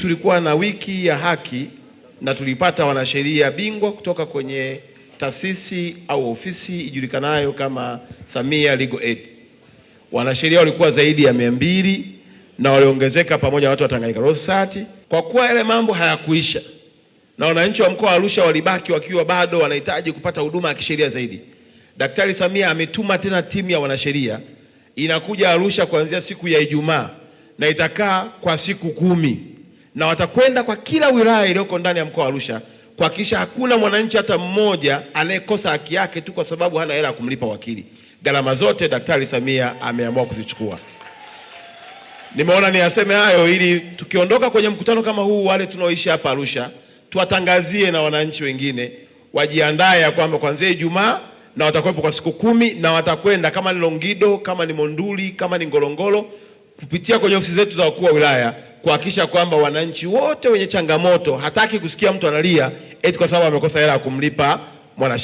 Tulikuwa na wiki ya haki na tulipata wanasheria bingwa kutoka kwenye taasisi au ofisi ijulikanayo kama Samia Legal Aid. Wanasheria walikuwa zaidi ya mia mbili na waliongezeka pamoja na watu wa Tanganyika Law Society. Kwa kuwa yale mambo hayakuisha na wananchi wa mkoa wa Arusha walibaki wakiwa bado wanahitaji kupata huduma ya kisheria zaidi, Daktari Samia ametuma tena timu ya wanasheria inakuja Arusha kuanzia siku ya Ijumaa na itakaa kwa siku kumi na watakwenda kwa kila wilaya iliyoko ndani ya mkoa wa Arusha kuhakikisha hakuna mwananchi hata mmoja anayekosa haki yake tu kwa sababu hana hela ya kumlipa wakili. Gharama zote Daktari Samia ameamua kuzichukua. Nimeona aseme hayo ili tukiondoka kwenye mkutano kama huu, wale tunaoishi hapa Arusha tuwatangazie na wananchi wengine wajiandae ya kwamba kuanzia Ijumaa na watakuwepo kwa siku kumi na watakwenda kama ni Longido, kama ni Monduli, kama ni Ngorongoro, kupitia kwenye ofisi zetu za wakuu wa wilaya kuhakikisha kwamba wananchi wote wenye changamoto, hataki kusikia mtu analia eti kwa sababu amekosa hela ya kumlipa mwana